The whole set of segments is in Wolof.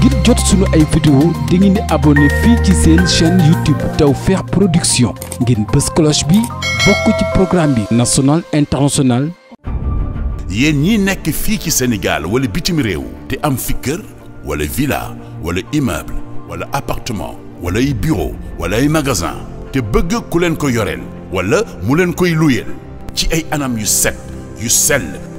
ngir jot sunu ay vidéo di ngeen di fii ci seen chaîne YouTube Tawfekh Production ngeen bës cloche bi bokk ci programme bi national international yéen ñi nekk fii ci Sénégal wala bitim réew te am fi wala villa wala immeuble wala appartement wala ay bureau wala ay magasin te bëgg ku leen ko yoreel wala mu leen koy luyeel ci ay anam yu set yu sell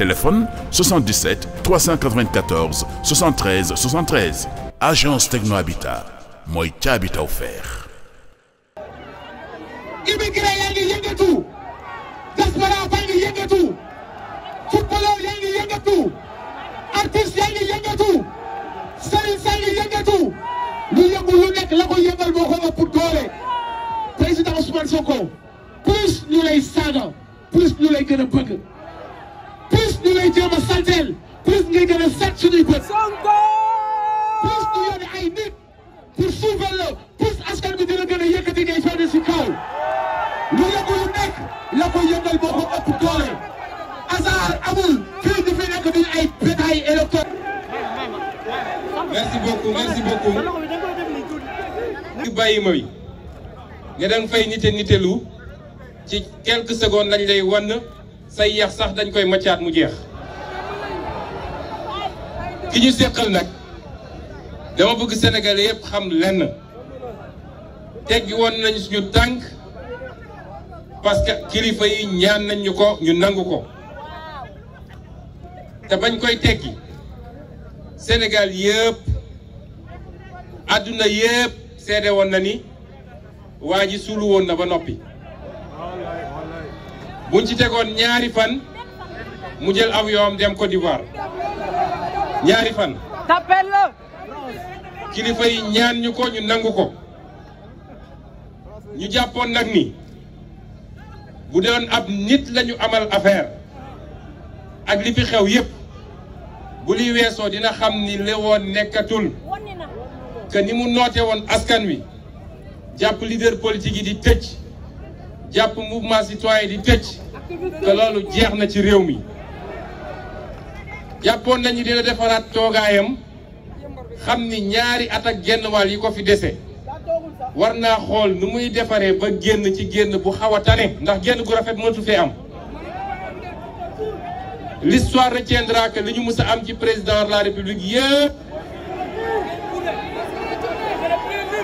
téléphone 77 394 73 73 agence Techno Habitat mooy ca Habitat offert. immigré yaa ngi yëngatu diaspora baa ngi yëngatu footballeur yaa ngi yëngatu artiste yaa ngi yëngatu sëriñ saa ngi yëngatu lu yëngu nekk la ko yëngal moo ko ëpp doole président Ousmane Sonko plus ñu lay saaga plus ñu lay gën a bëgg. ñu lay jéem a salteel plus ngay gën set suñuy bët plus ñu yónni ay nit pour suufal la plus bi dina gën a yëkkati ngay sonne si kaw lu yëngu nekk la ko yëngal moo ko ëpp doole hasard amul fii di fi nekk duñ ay bétail électoral merci beaucoup merci beaucoup ñu bàyyi mooy wi nga dem fay nite nitelu ci quelques secondes lañu lay wan say yeex sax dañ koy maccaat mu jeex ki ñu séqal nag dama bëgg senegal yëpp xam lenn teggi woon nañ suñu tànk parce que kilifa yi ñaan nañ ko ñu nangu ko te bañ koy teggi senegal yëpp àdduna yëpp seede woon na ni waa ji suulu woon na ba noppi buñ ci tegoon ñaari fan mu jël avion dem Côte d'Ivoire ñaari fan. tapel la. kilifa yi ñaan ñu ko ñu nangu ko ñu jàppoon nag ni bu doon ab nit lañu amal affaire ak li fi xew yépp bu liy weesoo dina xam ni li woon nekkatul que ni mu noote woon askan wi jàpp leader politique yi di tëj. jàpp mouvement citoyen di tëj te loolu jeex na ci réew mi jàppoon nañu dina defaraat toogaayam xam ni ñaari at ak genn wàll yi ko fi dese war naa xool nu muy defaree ba génn ci génn bu xaw a tane ndax génn gu rafet mënatu fee am l'histoire retiendra que li ñu mës am ci président la république yëpp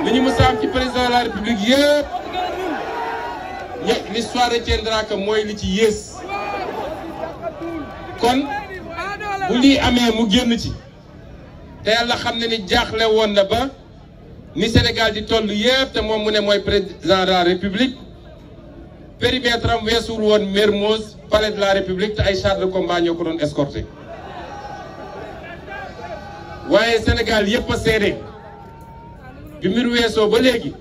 li ñu mës a am ci président la république yëpp ñëpp l'histoire retiendra que mooy li ci yées kon bu lii amee mu génn ci te yàlla xam na ni jaaxle woon na ba ni Sénégal di toll yëpp te moom mu ne mooy président de la république périmètre am woon Mermoz palais de la république te ay chars de ko doon escorté waaye Sénégal yëpp a seede weesoo ba léegi.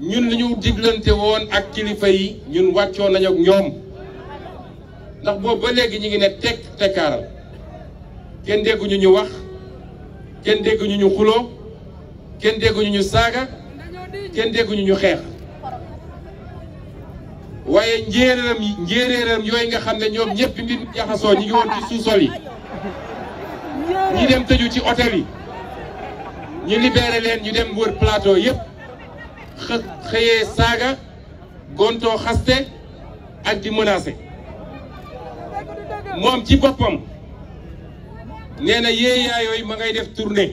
ñun li ñu diglante woon ak kilifa yi ñun wàccoon nañu ak ñoom ndax boobu ba léegi ñu ngi ne tekk tekkaaral kenn dégguñu ñu wax kenn dégguñu ñu xuloo kenn dégguñu ñu saaga kenn dégguñu ñu xeex waaye njéeréeram yi njéeréeram yooyu nga xam ne ñoom ñëpp bi mbir jaxasoo ñi yoon woon ci sous yi ñu dem tëju ci hôtel yi ñu libéré leen ñu dem wër plateau yëpp xëyee saaga gontoo xaste ak di menacé moom ci boppam nee na yeeyaa yooyu ma ngay def turne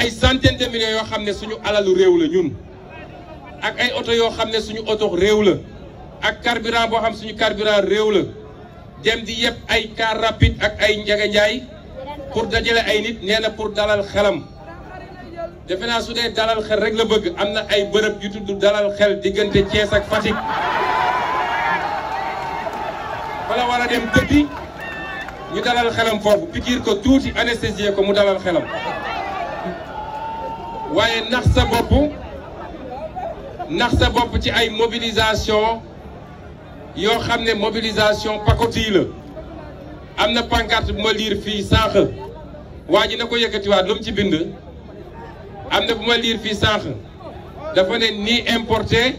ay centaine yoo xam ne suñu alalu réew la ñun ak ay oto yoo xam ne suñu oto réew la ak carburant boo xam suñu carburant réew la dem di yëpp ay car rapide ak ay njaganjaay pour dajale ay nit nee na pour dalal xelam defe naa su dee dalal xel rek la bëgg am na ay bërëb yu tudd dalal xel diggante Thiès ak Fatick wala war a dem tëddi ñu dalal xelam foofu pikiir ko tuuti anesthésier ko mu dalal xelam waaye nax sa bopp nax sa bopp ci ay mobilisation yoo xam ne mobilisation pacotille am na pancarte bu ma liir fii sànq waa ji na ko yëkkatiwaat lu mu ci bind am na bu ma liir fii sànq dafa ne ni importé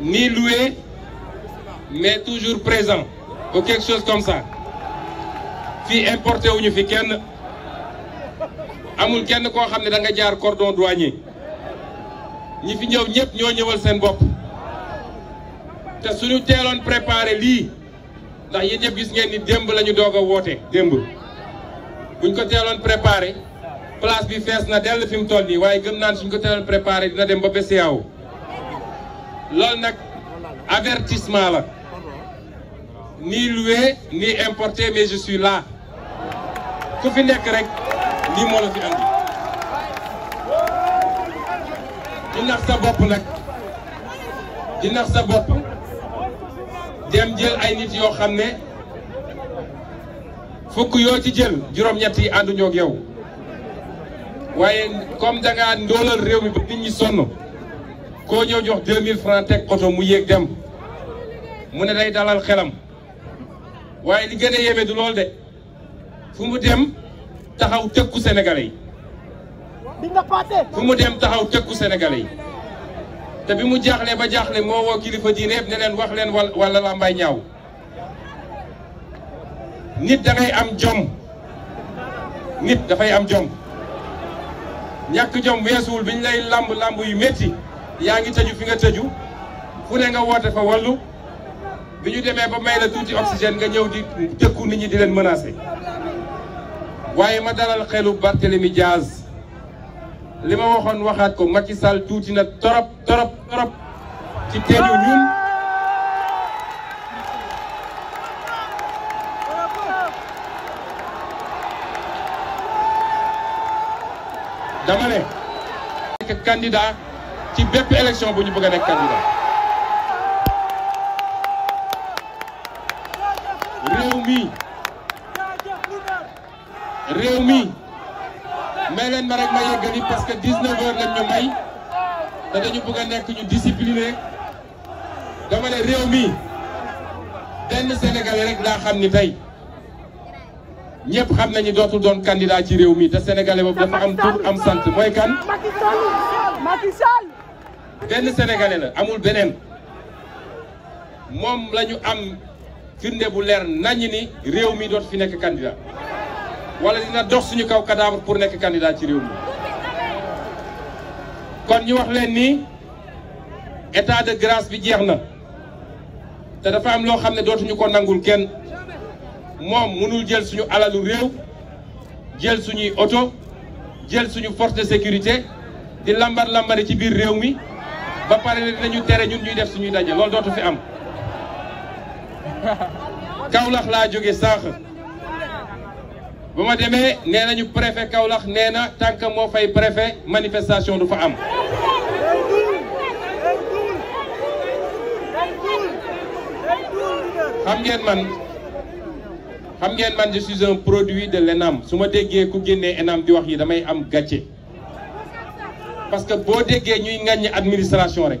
ni loué mais toujours présent ou quelque chose comme ça fii importé wuñu fi kenn amul kenn koo xam ne da nga jaar cordon douanier ñi fi ñëw ñëpp ñoo ñëwal seen bopp te suñu teeloon préparé lii ndax yéen ñëpp bis ngeen ni démb la ñu doog a woote démb buñ ko teeloon préparé place bi fees na dell fi mu toll nii waaye gëm naan suñ ko teelal préparé dina dem ba BCEAO loolu nag avertissement la ni loué ni importé mais je ku fi nekk rek lii moo la fi andi di sa bopp nag di nax sa bopp dem jël ay nit yoo xam ne fukk yoo ci jël juróom-ñett yi ànduñoo ak yow waaye comme da ngaa ndóolal réew mi ba nit sonn koo jox 2000 francs teg oto mu yéeg dem mu ne day dalal xelam waaye li gën a yéeme du loolu de fu mu dem taxaw tëkku Sénégalais fu mu dem taxaw tëkku Sénégalais yi te bi mu jaaxlee ba jaaxle moo woo kilifa diine yëpp ne leen wax leen wala làmbaay ñaaw nit da am jom nit dafay am jom ñàkk jom weesuwul bi ñu lay làmb lamb yu métti yaa ngi tëju fi nga tëju fu ne nga woote fa wallu bi ñu demee ba may la tuuti oxygène nga ñëw di dëkku nit ñi di leen menacer waaye ma dalal xelu Barthélemy Diaz li ma waxoon waxaat ko ma ci Sall tuuti na torop torop torop ci teenu ñun dama ne nekk ci bépp élection bu ñu bëgg a nekk candidat réew mi réew mi may leen ma rek ma yeggali parce que 19 heures lañ may te dañu bëgg a nekk ñu discipliné dama ne réew mi benn sénégalais rek laa xam ni tey ñëpp xam nañu dootul doon candidat ci réew mi te sénégalais boobu dafa am tur am sant mooy kan. Macky Sall benn sénégalais la amul beneen moom lañu am firnde bu leer nañu ni réew mi dootu fi nekk candidat wala dina dox suñu kaw cadavre pour nekk candidat ci réew mi kon ñu wax leen ni état de grâce bi jeex na te dafa am loo xam ne dootuñu ko nangul kenn. moom mënul jël suñu alalu réew jël suñuy oto jël suñu force de sécurité di lambar lambari ci biir réew mi ba pare ne dinañu tere ñun ñuy def suñuy daje loolu dootu fi am Kaolack laa jóge sànq ba ma demee nee nañu préfet Kaolack nee na tànk moo fay préfet manifestation du fa am xam ngeen man xam ngeen man je suis un produit de l'ENAM su ma déggee ku génnee ENAM di wax yi damay am gàcce parce que boo déggee ñuy ŋàññi administration rek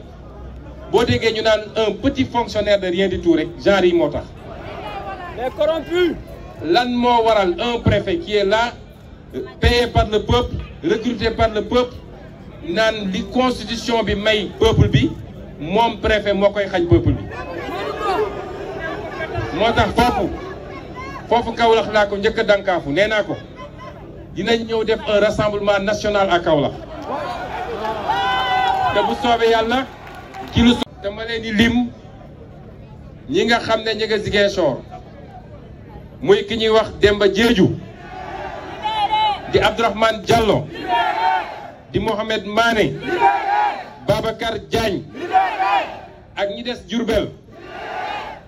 boo déggee ñu naan un petit fonctionnaire de rien du tout rek genre yi moo tax. les corrompus. lan moo waral un préfet qui est là payé par le peuple recruté par le peuple naan li constitution bi may peuple bi moom préfet moo koy xañ peuple bi moo tax foofu. foofu Kaolack laa ko njëkk a dànkaafu nee naa ko dinañ ñëw def un rassemblement national à Kaolack te bu soobee yàlla ci lu soobee dama leen di lim ñi nga xam ne ñi nga Ziguinchor muy ki ñuy wax Demba Diédhiou di Abdourahmane Diallo di Mohamed Mané Babacar Diagne ak ñi des Diourbel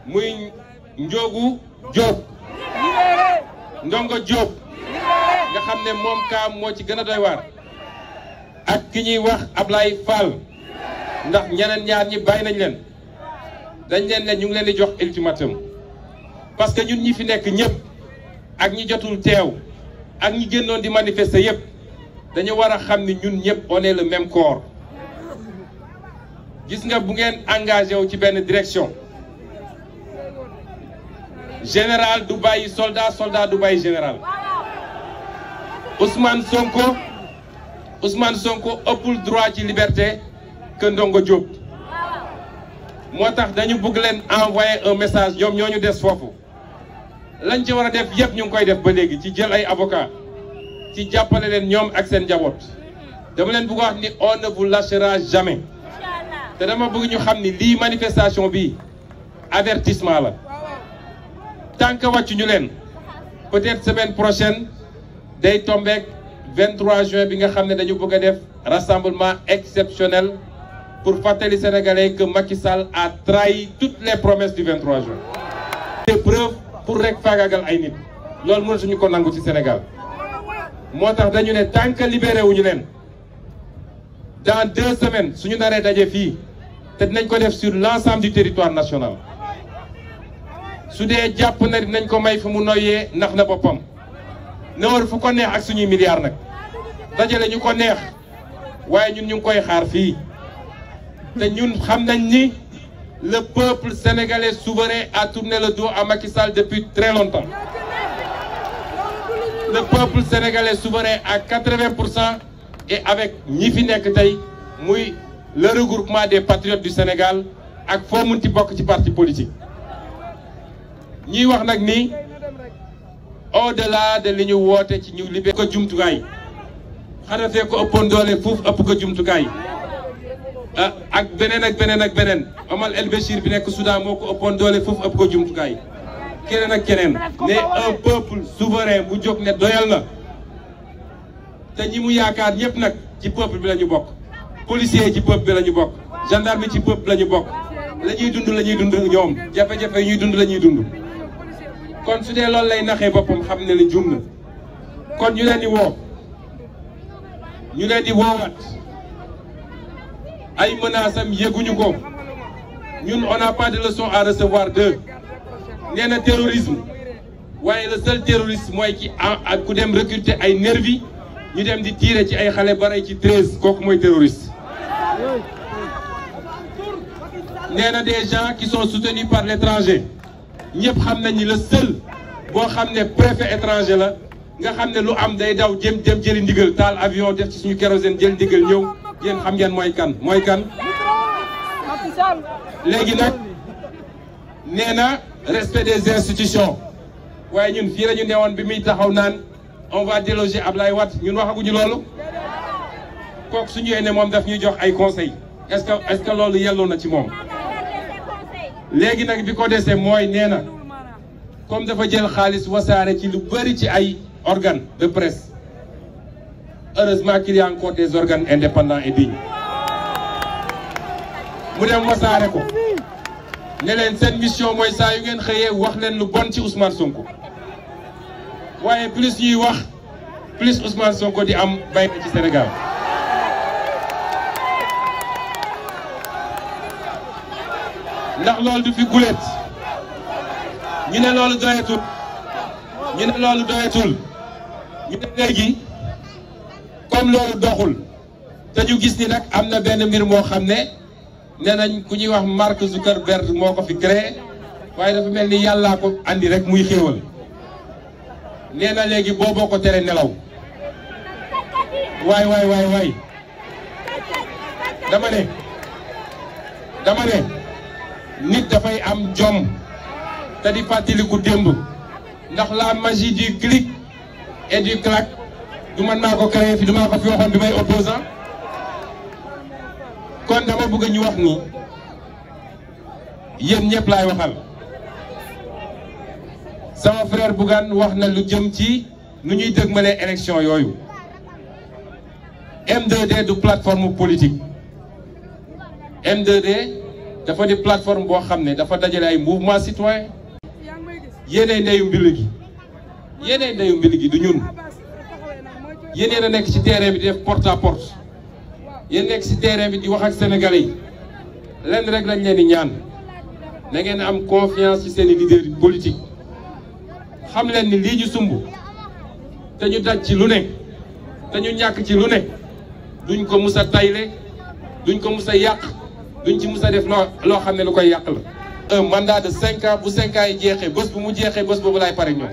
muy Ndiogu Diop ndongo Diop nga xam ne moom kaam moo ci gën a doy waar ak ki ñuy wax Ablaye Fall ndax ñeneen ñaar ñi bàyyi nañ leen dañ leen leen ñu ngi leen di jox ultimatum parce que ñun ñi fi nekk ñëpp ak ñi jotul teew ak ñi génnoon di manifester yëpp dañu war a xam ni ñun ñëpp on est le même gis nga bu ngeen engagé wu ci benn direction général du bàyyi soldat soldat du bàyyi général Ousmane Sonko Ousmane Sonko ëppul droit ci liberté que Ndongo moo tax dañu bugg leen envoyé un message ñoom ñoo ñu des foofu lañ ci war a def yëpp ñu ngi koy def ba léegi ci jël ay avocat ci jàppale leen ñoom ak seen njaboot dama leen bëgg wax ni on ne vous lâchera jamais te dama bëgg ñu xam ni lii manifestation bi avertissement la. tant que wàccu ñu leen peut-être semaine prochaine day tombeek 23 juin bi nga xam ne dañu bëgg a def rassemblement exceptionnel pour fàttali sénégalais que Macky Sall a trahi toutes les promesses du 23 juin. des preuves pour rek fagagal ay nit loolu mënatuñu ko nangu ci Sénégal moo tax dañu ne tant que libéré wuñu leen dans deux semaines suñu naree daje fii te dinañ ko def sur l'ensemble du territoire national. su dee jàpp na dinañ ko may fu mu noyee ndax na boppam na wër fu ko neex ak suñuy milliards nag dajale ñu ko neex waaye ñun ñu ngi koy xaar fii te ñun xam nañ ni le peuple sénégalais souverain a tourné le dos à Macky Sall depuis très longtemps le peuple sénégalais souverain à 80 pour cent et avec ñi fi nekk tey muy le regroupement des patriotes du Sénégal ak foo munti bokk ci parti politique ñuy wax nag ni au-delà de li ñu woote ci ñu libéré ko jumtukaay xanafee ko ëppoon doole fuuf ëpp ko jumtukaay ah, ak beneen ak beneen ak beneen Omar El Béchir bi nekk Soudan moo ko ëppoon doole fuuf ëpp ko jumtukaay keneen ak keneen mais un peuple souverain bu jóg ne doyal na te ñi mu yaakaar ñëpp nag ci peuple bi la bokk policier ci peuple bi la ñu bokk gendarme ci peuple la ñu bokk la ñuy dund lañuy dund ñoom jafe-jafe yi ñuy dund lañuy dund kon su dee loolu lay naxee boppam xam ne la jum kon ñu leen di woo ñu leen di woowaat ay menaces am yëguñu ko ñun on pas de leçon à recevoir d'eux nee na terrorisme waaye la seul terroriste mooy ki ak ku dem recruter ay nervi ñu dem di tiire ci ay xale ba ci treize kooku mooy terroriste nee na des gens qui sont soutenus par l'étranger ñëpp xam nañ ni le seul boo xam ne préfet étranger la nga xam ne lu am day daw jëm jëm jëli ndigal taal avion def ci suñu kérosène jël ndigal ñëw yéen xam ngeen mooy kan mooy kan. léegi nag nee na respect des institutions waaye ñun fii la ñu newoon bi muy taxaw naan on va déloger Ablaye Wade ñun waxaguñu loolu. kooku suñu yéene moom daf ñuy jox ay conseil est-ce que est-ce loolu na ci moom. léegi nag bi ko desee mooy nee na comme dafa jël xaalis wasaare ci lu bëri ci ay organes de presse heureusement qu'il y a encore des organes indépendants et dignes mu dem wasaare ko ne leen seen mission mooy saa yu ngeen xëyee wax leen lu bon ci Ousmane Sonko waaye plus ñuy wax plus Ousmane Sonko di am bay ci Sénégal ndax loolu du fi guléet ñu ne loolu doyetul ñu ne loolu doyetul léegi comme loolu doxul te gis ni nag am na benn mbir moo xam ne nee nañ ku ñuy wax Mark Zuckerberg moo ko fi créé waaye dafa mel ni yàllaa ko andi rek muy xéewal nee na léegi boo ko tere nelaw waay waay waay waay dama ne dama ne nit dafay am jom te di fàttaliku démb ndax la magie du clic et du clac du man maa ko créé fi du ko fi waxoon bi may opposant kon dama bëgg ñu wax ni yéen ñëpp lay waxal sama frère Bougane wax na lu jëm ci nu ñuy dëgmale élection yooyu M2D du plateforme politique m dafa di plateforme boo xam ne dafa dajale ay mouvement citoyen yéenay ndeyu mbili gi yéenay ndeyu mbili gi du ñun yéeneen a nekk ci terrain bi di def porte à porte yéen nekk ci terrain bi di wax ak sénégalais yi lenn rek lañ leen di ñaan na ngeen am confiance ci seen i leader politique xam leen ni lii ñu sumb te ñu daj ci lu ne te ñu ñàkk ci lu ne duñ ko mus a tayle duñ ko mus a yàq. duñ ci mus a def loo loo xam ne lu koy yàq la un de cinq bu cinq ans yi jeexee bés bu mu jeexee bés boobu laay pare ñoom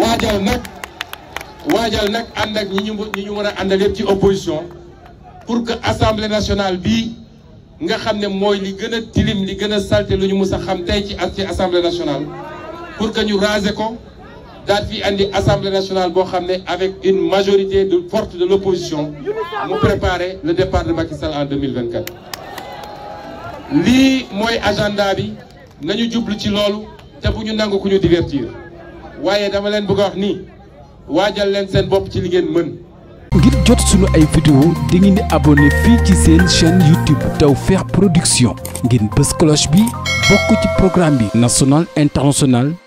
waajal nag waajal nag ànd ak ñi ñu ñi ñu mën a àndal yëpp ci opposition pour que assemblée nationale bii nga xam ne mooy li gën a tilim li gën a salte lu ñu mus a xam tey ci ci assemblée nationale pour que ñu raser ko daal fi andi assemblée nationale boo xam ne avec une majorité de forte de l'opposition mu préparer le en 2024 lii mooy agenda bi nañu jublu ci loolu te bu ñu nangu ku ñu divertir waaye dama leen bëgg a wax nii leen seen bopp ci li ngeen mën ngir jot suñu ay vidéo di ngeen di abonné fii ci seen chaîne YouTube Tawfekh Production ngeen bës cloche bi bokk ci programme bi national international